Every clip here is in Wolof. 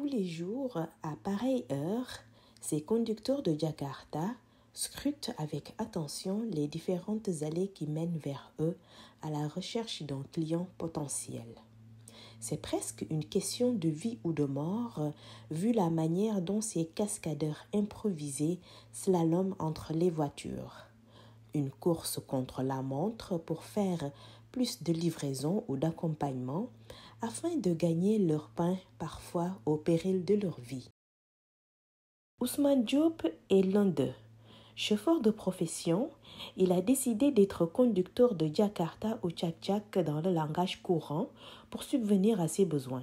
Tous les jours, à pareille heure, ces conducteurs de Jakarta scrutent avec attention les différentes allées qui mènent vers eux à la recherche d'un client potentiel. C'est presque une question de vie ou de mort, vu la manière dont ces cascadeurs improvisés slaloment entre les voitures. Une course contre la montre pour faire plus de livraison ou d'accompagnement afin de gagner leur pain parfois au péril de leur vie. Ousmane Diop est l'un d'eux. Chauffeur de profession, il a décidé d'être conducteur de Jakarta ou Tchak-Tchak dans le langage courant pour subvenir à ses besoins.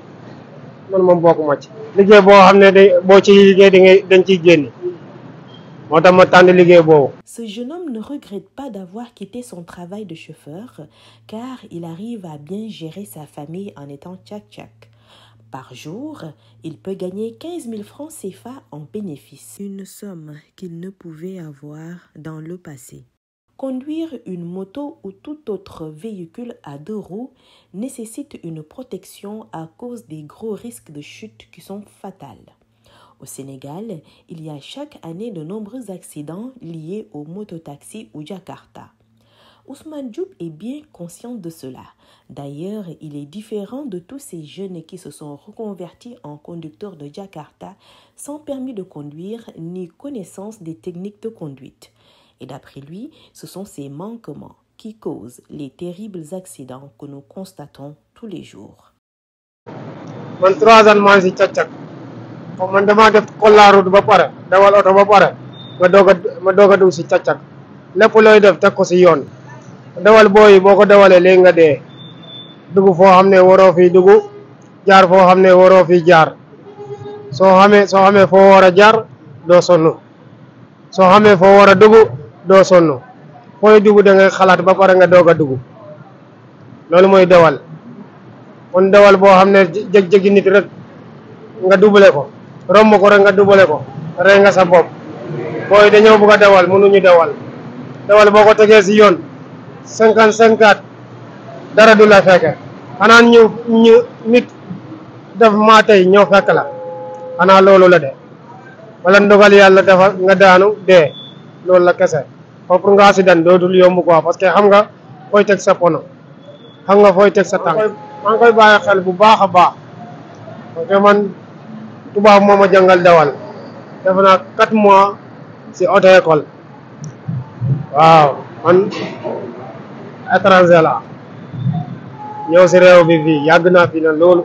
Ce jeune homme ne regrette pas d'avoir quitté son travail de chauffeur car il arrive à bien gérer sa famille en étant tchak-tchak. Par jour, il peut gagner 15 000 francs CFA en bénéfice. Une somme qu'il ne pouvait avoir dans le passé. Conduire une moto ou tout autre véhicule à deux roues nécessite une protection à cause des gros risques de chute qui sont fatales. Au Sénégal, il y a chaque année de nombreux accidents liés aux mototaxis ou Jakarta. Ousmane Djoub est bien conscient de cela. D'ailleurs, il est différent de tous ces jeunes qui se sont reconvertis en conducteurs de Jakarta sans permis de conduire ni connaissance des techniques de conduite. Et d'après lui, ce sont ces manquements qui causent les terribles accidents que nous constatons tous les jours. man trois ans maa ngi si cag-cag foofu man damaa def kollaaru ba pare dawal oto ba pare ma doog a ma doog a dugg si cag-cag lépp looy def teg ko si yoon dawal booyi boo ko dawalee léegi nga de. dugg foo xam ne waroo fi dugg jaar foo xam ne waroo fi jaar soo xamee soo xamee foo war a jaar doo sonn soo xamee foo war a do sonno koy dugg da ngay xalat ba pare nga doga a lolou moy dewal dawal dewal dawal xamne jeeg ne nit rek nga dubule ko rom ko rek nga dubule ko rey nga sa bop koy dañu dewal dawal ñu dawal dawal boko tege ci yoon cinquante dara du la fekke nyu ñu ñu nit def ma tay ñoo fekk la ana lolou la de wala ndogal yalla dafa nga daanu de loolu la kese foofu pour si accident dootul yomb koo parce que xam nga fooy teg sa pono xam nga fooy teg sa tànk maa koy bàyyi xel bu baax a baax parce que man tubaab moo ma jàngal dawal def naa quatre mois si auto école waaw man étranger la ñëw si réew bi fii yàgg naa fii na loolu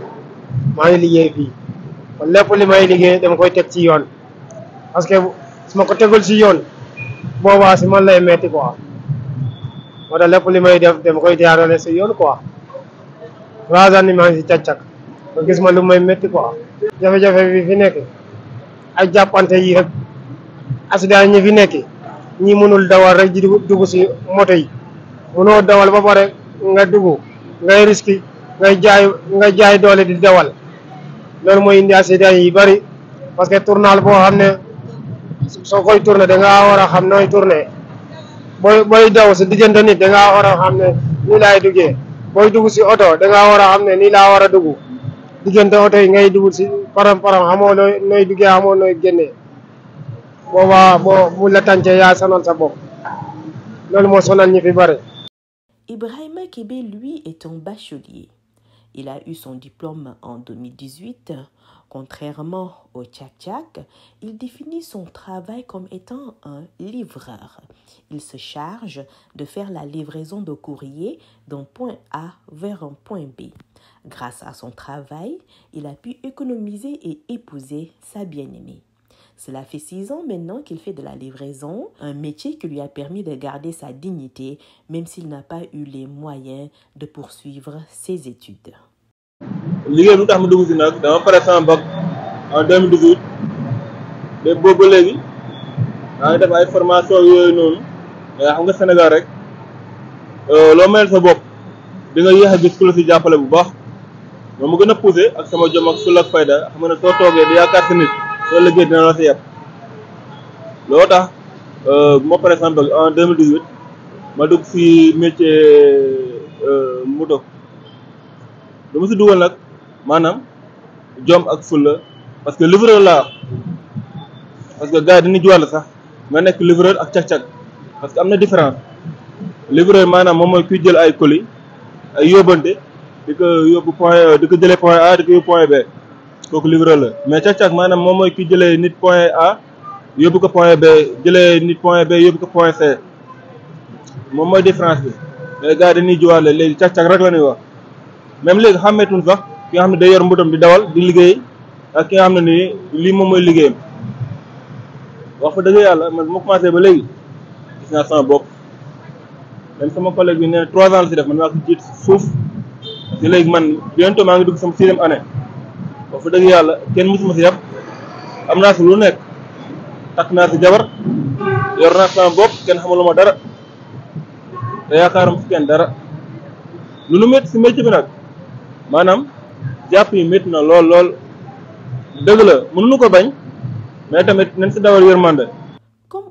maa ngi liggéey fii kon lépp li may liggéey dama koy teg si yoon parce que su ma ko tegul si yoon boobaa si man lay metti quoi moo tax lépp li may def dem koy jaarale si yoon quoi trois ans ni maa si càccak ba gis ma lu may métti quoi jafe-jafe fi nekk ay jàppante yi rek ñi fi nekk ñi mënul dawal rek ji dugg si moto yi mënoo dawal ba pare nga dugg ngay risque ngay jaay nga jaay doole di dawal loolu mooy indi accident yi bari parce que tournal boo xam ne soo koy tourné da ngaa war a xam nooy tourné booy booy daw si diggante ni da ngaa xam ne nii laay duggee booy dugg si oto danga ngaa war a xam ne nii laa war a dugg diggante oto yi ngay dugg si param param xamoo nooy nooy duggee xamoo nooy génnee boobaa boo bu la tàncee yaa sonal sa bopp loolu moo sonal ñi fi bare Ibrahima Kébé, lui, est un bachelier. Il a eu son diplôme en 2018. Contrairement au Tchak-Tchak, il définit son travail comme étant un livreur. Il se charge de faire la livraison de courrier d'un point A vers un point B. Grâce à son travail, il a pu économiser et épouser sa bien-aimée. Cela fait six ans maintenant qu'il fait de la livraison, un métier qui lui a permis de garder sa dignité, même s'il n'a pas eu les moyens de poursuivre ses études. liggéey bu tax ma dugg si nag dama pare sama bac en 2018 Mais boobu ba léegi maa ngi def ay formation yooyu noonu mais xam nga Sénégal rek euh, loo mel sa bopp di nga yéex a gis ku la si jàppale bu baax moo ma gën a poussé ak sama jom ak sul ak fayda xam nga ne soo toogee di soo liggéey dina la si yàpp loo tax euh, moo par exemple en 2018 ma dugg si métier euh, moto lu ma si dugal nag maanaam jom ak fulla parce que livreur laa parce que gars yi dañuy juwàll sax nga nekk livreur ak cag-cag parce que am na différent livreur maanaam moom mooy kuy jël ay colis ay yóbbante di ko yóbbu point di ko jëlee point A di ko yóbbu point B kooku livreur la mais càq-càq manam mom moy ki jele nit point A yobou ko point B jele nit point B yobou ko point C mom moy difference bi mais gars yi dañuy jiwaale léegi càq-càq rek la ñuy wax même léegi xàmmeetuñ sax ki nga xam day yor mbotam di dawal di liggéey ak ki nga xam ne nii lii moom mooy wax fa deug yalla man mo ma commencé ba léegi gis na sama bok même sama collègue bi nee 3 ans la ci def man wax ci souf suuf te man bientôt ma ngi dugg sama sixième année ba fa dëgg yàlla kenn mësuma si yàpp am naa si lu nekk takk naa si jabar yor naa sama bopp kenn xamaluma dara te yaakaaram si kenn dara lu nu métti si métti bi nag maanaam jàpp yi métti na lool lool dëgg la mënuñu ko bañ mais tamit nañ si dawal yërmande comme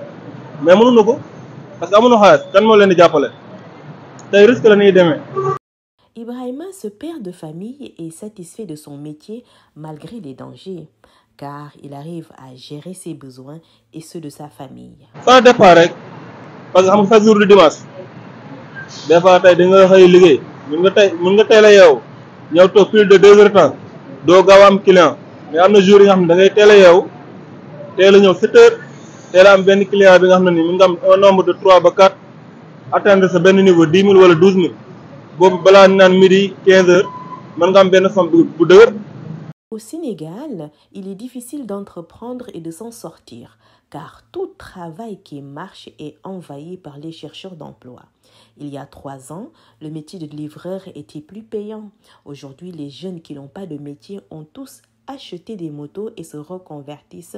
mais mënuñu ko parce que amuñu xalat kan mo leen di jàppale tey risque la ñuy démé Ibrahima, ce père de famille, est satisfait de son métier malgré les dangers, car il arrive à gérer ses besoins et ceux de sa famille. Ça dépend rek parce que xam nga jour du dimanche des fois tey di nga xëy liggéey mun nga tey mun nga teel a yeewu ñëw toog plus de deux heures de temps doo gaaw am client mais am na jour yi nga xam ne da ngay teel a yeewu teel a ñëw sept heures. Au Sénégal, il est difficile d'entreprendre et de s'en sortir, car tout travail qui marche est envahi par les chercheurs d'emploi. Il y a trois ans, le métier de livreur était plus payant. Aujourd'hui, les jeunes qui n'ont pas de métier ont tous acheté des motos et se reconvertissent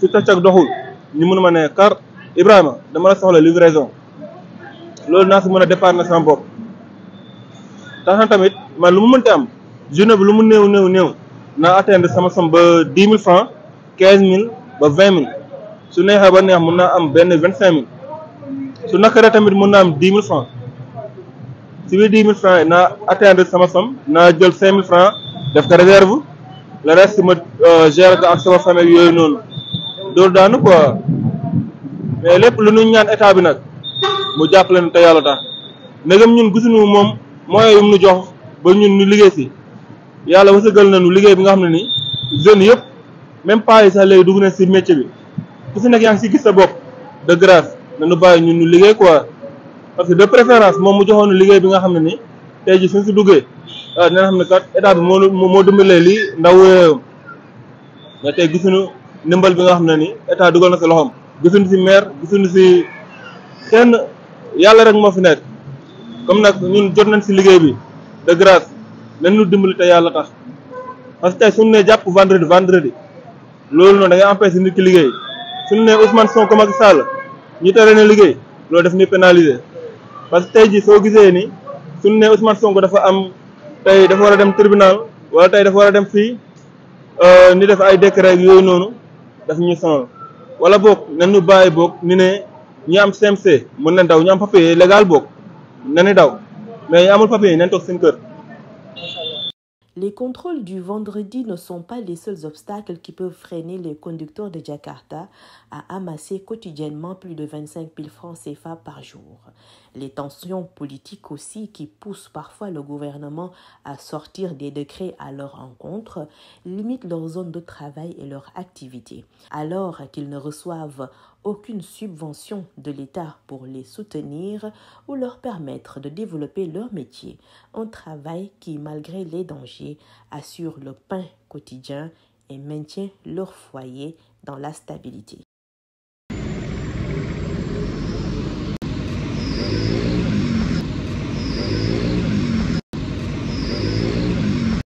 su cag-cag doxul ñu mën ma ne car Ibrahima dama la soxla livraison loolu naa si mën a départ na sama bopp tax na tamit man lu mu mënti am journée bi lu mu néew néew néew naa atteindre sama somme ba dix mille francs quinze mille ba vingt mille su neexee ba neex mun naa am benn vingt cinq mille su nakare tamit mun naa am dix mille francs si biir dix mille francs yi naa atteindre sama somme naa jël cinq mille francs def ko réserve le reste ma euh, gère ko ak sama yooyu noonu dóor daanu quoi mais lépp lu nu ñaan état bi nag mu jàpp nu te yàlla tax ndegam ñun gisuñu moom moyen yum nu jox ba ñun ñu liggéey si yàlla na nañu liggéey bi nga xam ne ni jeunes yëpp même pas yi sax léegi dugg na si métier bi ku si nekk yaa ngi si gis sa bopp de grâce nu bàyyi ñun ñu liggéey quoi parce que de préférence moom mu joxoon liggéey bi nga xam ne ni tey ji suñ si duggee ah dina xam ne kat état bi moo moo dimbalee lii ndaw réewam gisuñu ndimbal bi nga xam ne ni état dugal na si loxoom gisuñu si maire gisuñu si kenn yàlla rek moo fi nekk comme nag ñun jot nañ si liggéey bi de grâce nañ ñu dimbali te yàlla tax parce que tey suñu nee jàpp vendredi vendredi loolu noonu da ngay empêcher nit ki liggéey suñu nee Ousmane Sonko Macky Sall ñu tere na liggéey loolu def ñuy pénaliser parce que tey jii soo gisee ni suñ ne Ousmane Sonko dafa am tey dafa war a dem tribunal wala tey dafa war a dem fii ni euh, def ay décret yooyu noonu. Les contrôles du vendredi ne sont pas les seuls obstacles qui peuvent freiner les conducteurs de Jakarta à amasser quotidiennement plus de 25 000 francs CFA par jour les tensions politiques aussi qui poussent parfois le gouvernement à sortir des décrets à leur encontre limitent leur zone de travail et leur activité, alors qu'ils ne reçoivent aucune subvention de l'État pour les soutenir ou leur permettre de développer leur métier, un travail qui, malgré les dangers, assure le pain quotidien et maintient leur foyer dans la stabilité.